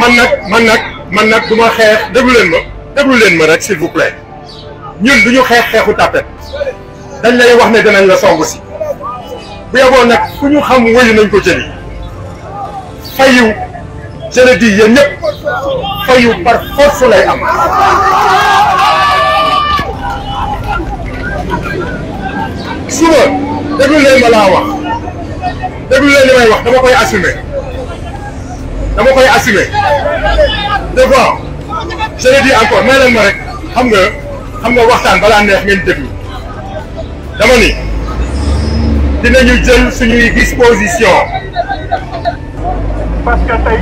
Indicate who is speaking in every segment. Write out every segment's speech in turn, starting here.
Speaker 1: man nag man nag man nag du ma xeex déglu leen ma déglu leen ma rek s'il vous ñun du xeex xeexu tàppet dañ lay wax ne danañ la song si bu yeboo nag ku ñu xam wëyu nañ ko jëli fayu je le dis yéen ñëpp par force lay am suba déglu ma laa wax
Speaker 2: déglu leen wax dama koy
Speaker 1: assume dama koy assumer des fois je le dis encore may leen ma rek xam nga xam nga waxtaan balaa neex ngeen déglu dama ni dinañu jël suñuy disposition parce que tey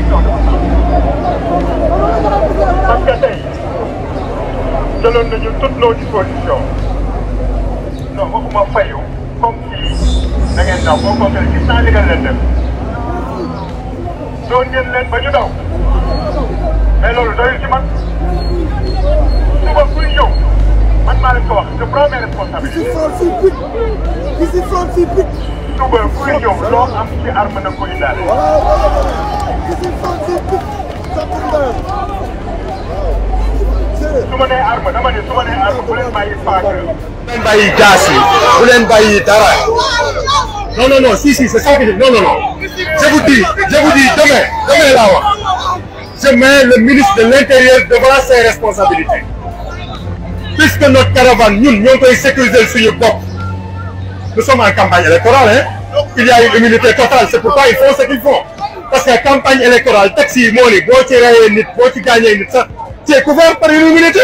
Speaker 1: parce que tey jëloon nañu toutes nos dispositions non waxuma fayu comme si da ngeen daw boo ko gis naa li nga leen def doo ngeen leen ba ñu daw mais loolu doyul ci man suba kuy ñëw man maa leen ko wax je prends mes responsabilités. suba kuy ñëw loo am ci arme na ko indaale. su ma nee arme dama ne su ma nee arme bu leen bàyyi paaka. bu leen bàyyi gaas yi bu leen bàyyi dara. Non, non, non, si, si, c'est ça que je Non, non, non. Je vous dis, je vous dis, demain, demain là je mets le ministre de l'Intérieur devant ses responsabilités. Puisque notre caravane, nous, nous avons sur le boc. Nous sommes en campagne électorale, hein? Il y a une immunité totale, c'est pourquoi ils font ce qu'ils font. Parce que campagne électorale, taxi, gagner, tu ça, tu es couvert par une immunité.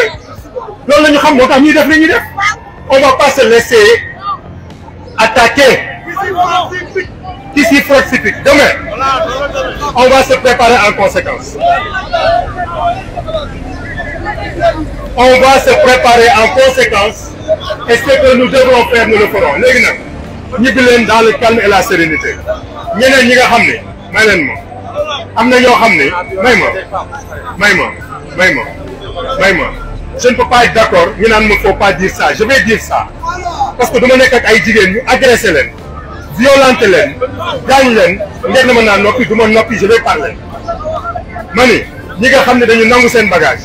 Speaker 1: On ne va pas se laisser attaquer Ici, faut cyclique. Demain, on va se préparer en conséquence. On va se préparer en conséquence et ce que nous devons faire, nous le ferons. Nous nag dans le calme et la sérénité Nous ñi nga xam ne may leen ma je ne peux pas être d'accord il ne faut pas dire ça je vais dire ça parce que demain, quand ak ay jigéen les violenté leen gaañ leen ngeen ne ma naa noppi du ma noppi je vais parler ma ni ñi nga xam ne dañu nangu seen bagage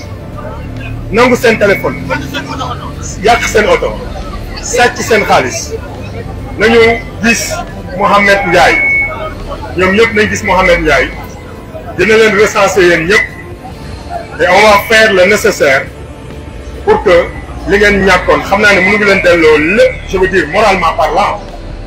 Speaker 1: nangu seen téléphone yàq seen oto sàcc seen xaalis nañu gis Mohamed Ndiaye ñoom ñëpp nañ gis Mohamed Ndiaye dina leen recenser yéen ñëpp et on va faire le nécessaire pour que li ngeen ñàkkoon xam naa ne nu ñu leen delloo lépp je veux dire moralement parlant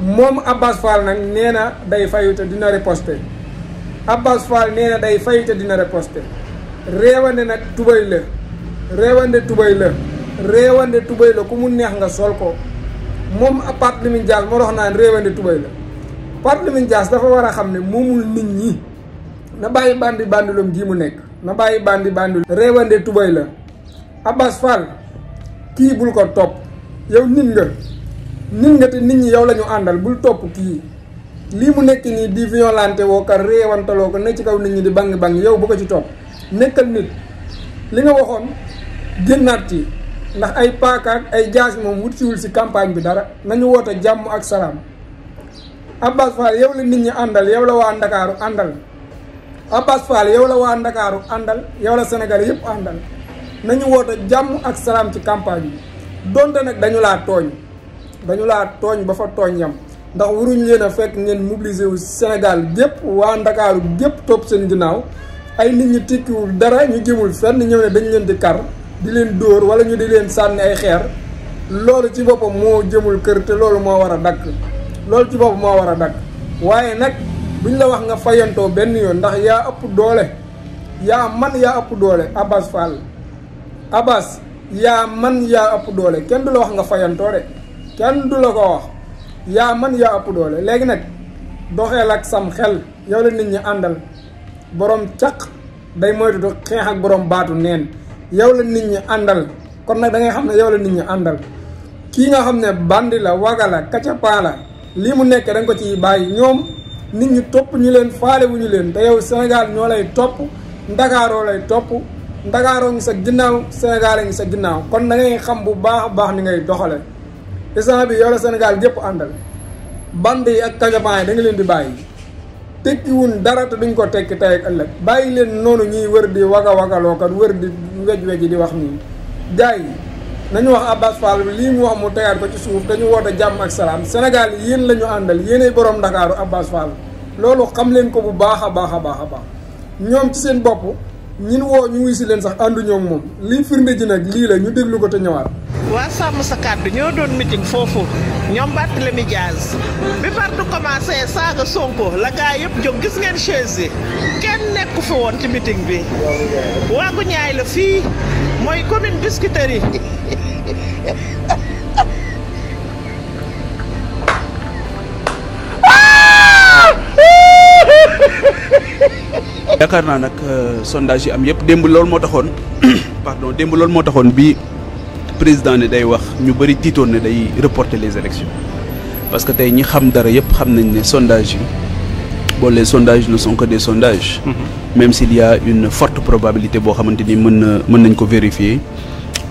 Speaker 2: moom Abbas Fall nag nee na day fayu te dina riposte Abbas Fall nee na day fayu te dina riposte réewande nag tubay la réewande tubay la réewande tubay la ku mu neex nga sol ko moom Barthélémy Dias moo tax naan réewande tubay la Barthélémy Dias dafa war a xam ne moomul nit ñi na bàyyi bandi bandiloom ji mu nekk na bàyyi bandi bandil réewande tubay la Abbas Fall kii bul ko topp yow nit nga nit nga te nit ñi yow la àndal bul topp kii lii mu nekk nii di violente woo ko réewantaloo ko ci kaw nit ñi di bang bang yow bu ko ci topp nekkal nit li nga waxoon génnaat ci ndax ay paaka ay jaas moom wut siwul si campagne bi dara nañu woote jàmm ak salaam Abbas Fall yow la nit ñi àndal yow la waa Ndakaaru àndal Abbas Fall yow la waa Ndakaaru àndal yow la Sénégal yëpp àndal nañu woote jàmm ak salaam ci campagne bi donte nag dañu laa tooñ dañu laa tooñ ba fa tooñ yam ndax waruñ leen a fekk ngeen mobiliser wu Sénégal gépp waa Ndakaaru gépp topp seen ginnaaw ay nit ñi tikkiwul dara ñu jëmul fenn ñëw ne dañ leen di kar di leen dóor wala ñu di leen sànni ay xeer loolu ci boppam moo jëmul kër te loolu moo war a dakk loolu ci boppam moo war a dakk waaye nag buñ la wax nga fayantoo benn yoon ndax yaa ëpp doole yaa man yaa ëpp doole Abass Fall Abass yaa man yaa ëpp doole kenn du la wax nga fayantoo de kenn du la ko wax yaa man yaa ëpp doole léegi nag doxeel ak sam xel yow la nit ñi àndal borom caq day moytu du xeex ak borom baatu neen yow la nit ñi àndal kon nag dangay xam ne yow la nit ñi àndal kii nga xam ne bandi la waga la la lii mu nekk da nga ko ciy bàyyi ñoom nit ñi topp ñu leen faale wu ñu leen te yow Sénégal ñoo lay topp ndakaaroo lay topp ndakaaroo ngi sa ginnaaw Sénégal ngi sa ginnaaw kon da xam bu baax a baax ni ngay doxale instant bi yow la Sénégal gépp àndal band yi ak kajabaan yi da leen di bàyyi tekkiwun dara te duñ ko tekki tey ak ëllëg bàyyi leen noonu ñuy wër di waga wagaloo kat wër di wej wej di wax nii gars yi nañu wax Abass Fall lii mu wax mu tegaat ko ci suuf dañu woote jàmm ak salaam Sénégal yéen la ñu àndal yenee boroom Ndakaaru Abass Fall loolu xam leen ko bu baax a baax a baax a baax ñoom ci seen bopp ñin woo ñu wuy si leen sax ànduñoo ak moom liy firnde ji nag lii la ñu déglu ko te ñëwaat. waa sàmm sa kàddu ñoo doon meeting foofu ñoom Barthélémy Dias bi parti commencé saaga Sonko la gaa yëpp jóg gis ngeen
Speaker 3: chaise yi kenn nekku fi woon ci meeting bi. waagu la fii mooy commune Biscuiterie yi. yakarna nak euh, sondage am yep demb loolu mo taxone pardon demb loolu mo taxone bi président ne day wax ñu bari titone day reporter les élections parce que tay ñi xam dara yep xam nañ ne sondage bon les sondages ne sont que des sondages. Mm-hmm. même s'il y a une forte probabilité bo xamanteni meun meun nañ ko vérifier.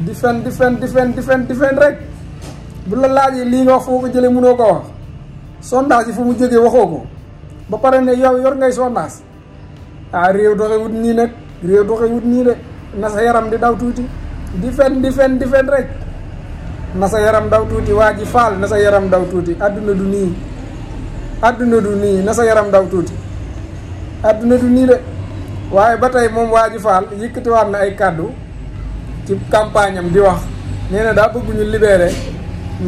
Speaker 2: defend defend defend defend defend rek bu la laajee li nga wax foko jele ko wax sondage fu mu waxoko ba pare ne yow yor ngay sondage ah réew doxewut nii nag réew wut ni de na sa yaram di daw tuti defend defend defend rek na sa yaram daw tuti waji fal na sa yaram daw tuti aduna du ni aduna du ni na sa yaram daw tuti aduna du ni de waye batay mom waji fal yikati wat na ay cadeau ci campagne am di wax nee na daa bëgg ñu libéré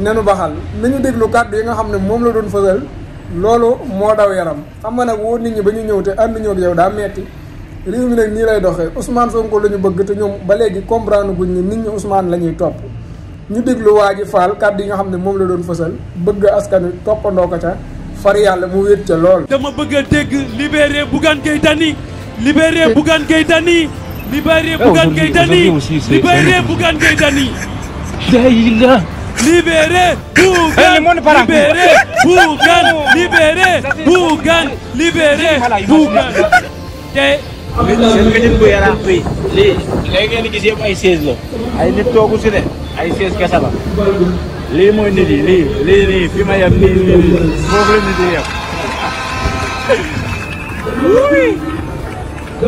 Speaker 2: nenu baxal ñu déglu kàddu yi nga xam ne moom la doon fasal loolu moo daw yaram xam nga nag woo nit ñi ba ñu ñëw te ànd ñoo ak yow daa metti réew mi nag nii lay doxee Ousmane Sonko la ñu bëgg te ñoom ba léegi comprendre guñ ne nit ñi Ousmane la ñuy topp ñu déglu waa ji Fall kàddu yi nga xam ne moom la doon fësal bëgg askan wi toppandoo ko ca far yàlla mu wéet ca lool. dama bëgg a dégg libéré Bougane Gueye
Speaker 3: Dany libéré Bougane Libérez Bougane Gueye Dany libérez eh, Bougane Gueye Dany. Laïla. Libérez Bougane libérez Bougane libérez Bougane libérez Bougane. te. lii léegi ngeen di gis yëpp ay chaise la ay nit toogu si de ay chaise kese la lii mooy nit yi lii lii nii ma yem nii nii foofu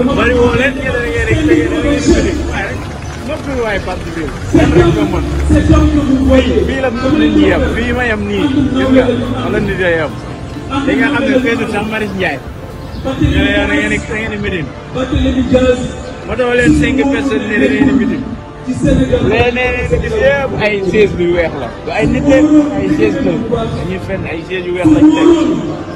Speaker 3: bari woo leen ñu ne da ngeen
Speaker 2: di waaye parti
Speaker 3: bi fii la moom la ñuy yem fii ma yem nii gis nga wala nit a yem li nga xam ne feetu sax Maris Ndiaye ñu ne yow da ngeen di da ngeen di mitin ma doon leen cinq personnes ne da ngeen di mitin léeg-léeg nga gis yëpp ay chaise yu weex la. du ay nit ay chaise la dañuy fenn ay chaise yu weex lañ teg.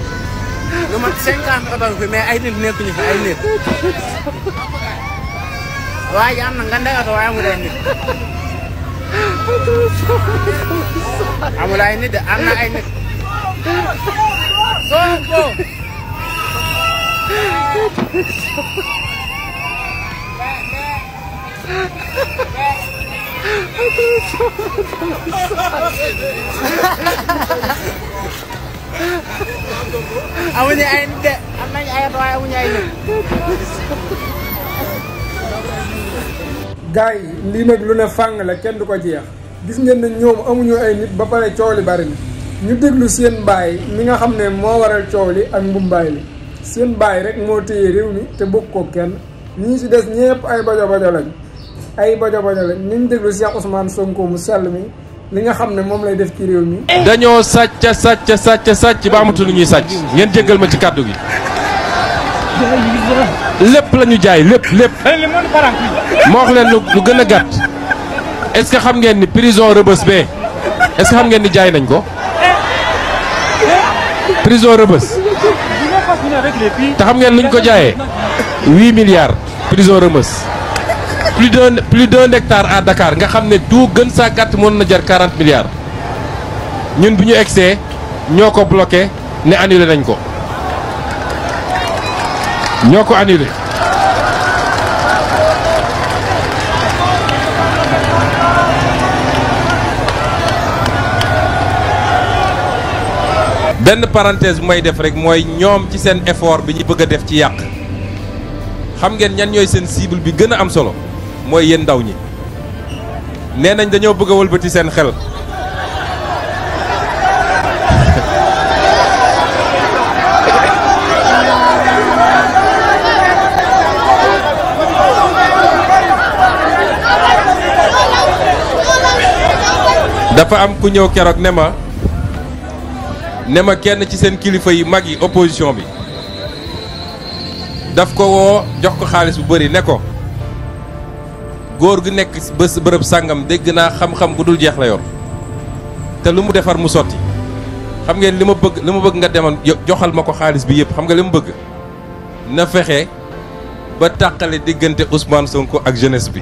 Speaker 2: lu mat 50 auto mais ini nit nekkuñu fi ay nit waaye am na nga ini, ko waaye
Speaker 1: amul ay nit amul ay nit Hahaha amuñu ay
Speaker 2: de am nañ ay at waaye amuñu ay nit. gars yi lii nag lu ne fàng la kenn du ko jeex gis ngeen ne ñoom amuñu ay nit ba pare coow li bari ñu déglu seen mbaay ni nga xam ne moo waral coow li ak mbumbaay li seen mbaay rek moo téye réew mi te bokk ko kenn ñi si des ñëpp ay bajo bajo lañ ay bajo bajo lañ nañ déglu Cheikh Ousmane Sonko mu sell mi. li nga xam ne moom lay def réew mi.
Speaker 4: dañoo sàcc sàcc sàcc sàcc ba amatu lu ñuy sàcc ngeen jéggal ma ci kàddu gi. lépp lañu jaay lépp lépp. moo leen lu gën a gàtt. est-ce que xam ngeen ni prison rëbës bee est xam ngeen ni jaay nañ ko.
Speaker 1: prison rëbës.
Speaker 4: te xam ngeen luñ ko jaayee. 8 milliards prison rëbës. plus d'un plus d'un hectare à Dakar nga xamné du gën sa gatt mën na jar 40 milliards ñun buñu ñu ñoko bloqué ne annuler nañ ko ñoko annuler ben parenthèse bu may def rek moy ñom ci sen effort bi ñi bëgg def ci yaq xam ngeen ñan ñoy sen cible bi gëna am solo mooy yéen ndaw ñi nee nañ dañoo bëgg a wëlbati seen xel dafa am ku ñëw keroog ne ma ne ma kenn ci seen kilifa yi mag yi opposition bi daf ko woo jox ko xaalis bu bari ne ko góor gi nekk bés bërëb sàngam dégg naa xam-xam gu dul jeex la yor te lu mu defar mu sotti xam ngeen li ma bëgg li ma bëgg nga demal joxal ma ko xaalis bi yëpp xam nga li ma bëgg na fexe ba tàqale diggante Ousmane Sonko ak genes bi.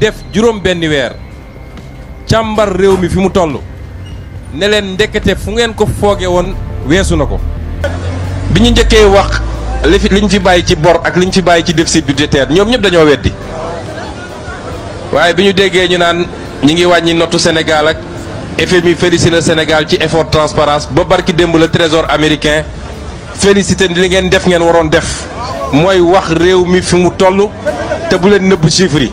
Speaker 4: def jurom benn weer càmbar réew mi fi mu toll ne leen ndekete fu ngeen ko fooge woon weesu na ko bi ñu njëkkee wax li fi liñ fi bàyyi ci bor ak liñ fi bàyyi ci déficit budgétaire ñoom ñëpp dañoo weddi waaye bi ñu déggee ñu naan ñi ngi wàññi notu Sénégal ak FMI félicité Sénégal ci effort transparence ba barki démb le trésor américain félicité li ngeen def ngeen waroon def mooy wax réew mi fi mu toll te bu leen nëbb chiffre yi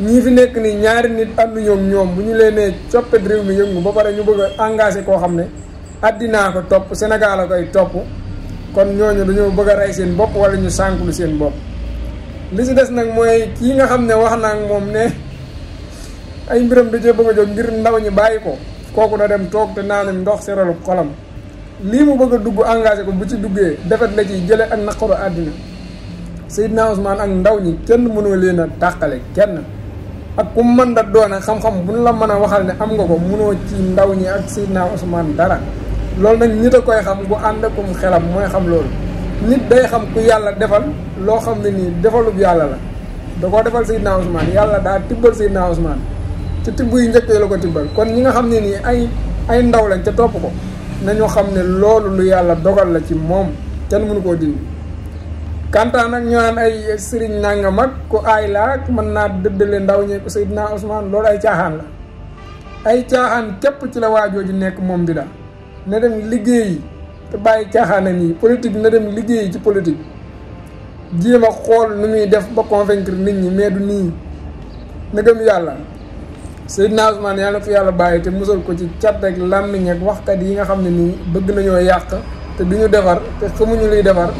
Speaker 2: ñii fi nekk ni ñaari nit ànd ñoom ñoom bu ñu leen coppet réew mi yëngu ba pare ñu bëgg a engagé koo xam ne àddinaa ko topp Sénégal a koy topp kon ñooñu dañoo bëgg a rey seen bopp walla ñu sànkulu seen bopp li si des nag mooy kii nga xam ne wax naa moom ne ay mbiram da cee bëgg a jóg ngir ndaw ñi bàyyi ko kooku na dem toog te naanam ndox seralu xolam lii bëgg a dugg engagé ko bu ci duggee defet la ciy jële ak naqaru àddina Seydina ak ndaw ñi kenn mënoo leen a tàqale kenn ak ku mën da doona xam-xam bu ñu la mën a waxal ne am nga ko munoo ci ndaw ñi ak si Seydina Ousmane dara loolu nag nit a koy xam bu ànd akum xelam mooy xam loolu nit day xam ku yàlla defal loo xam ne nii defalub yàlla la da koo defal Seydina Ousmane yàlla daa tibbal Seydina Ousmane ci tibb yu njëkk yi la ko tibbal kon ñi nga xam ne nii ay ay ndaw lañ ca topp ko nañu xam ne loolu lu yàlla dogal la ci moom kenn mënu koo diw kanta nak ñu naan ay serigne nangam ak ko ay la ak man na dëddale ndaw ñe ko sayyidna usman lool ay tiaxan la ay tiaxan kep ci la waajooju nek mom bi da ne dem liggéey te baye tiaxana ni politique ne dem liggéey ci politique jima xol nu muy def ba convaincre nit ñi mais du nii na gëm yàlla sayidina ousmane yàlla fi yalla baye te musul ko ci chat ak làmmiñ ak kat yi nga xamni ni bëgg nañu yaq te biñu defar te xamuñu luy defar